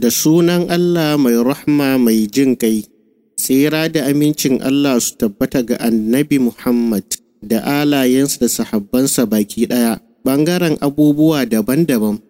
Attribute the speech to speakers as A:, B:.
A: da sunan Allah mai rahma mai jin kai, tsira da amincin Allah su tabbata ga annabi Muhammad da alayensa da sahabbansa baki ɗaya, ɓangaren abubuwa daban-daban.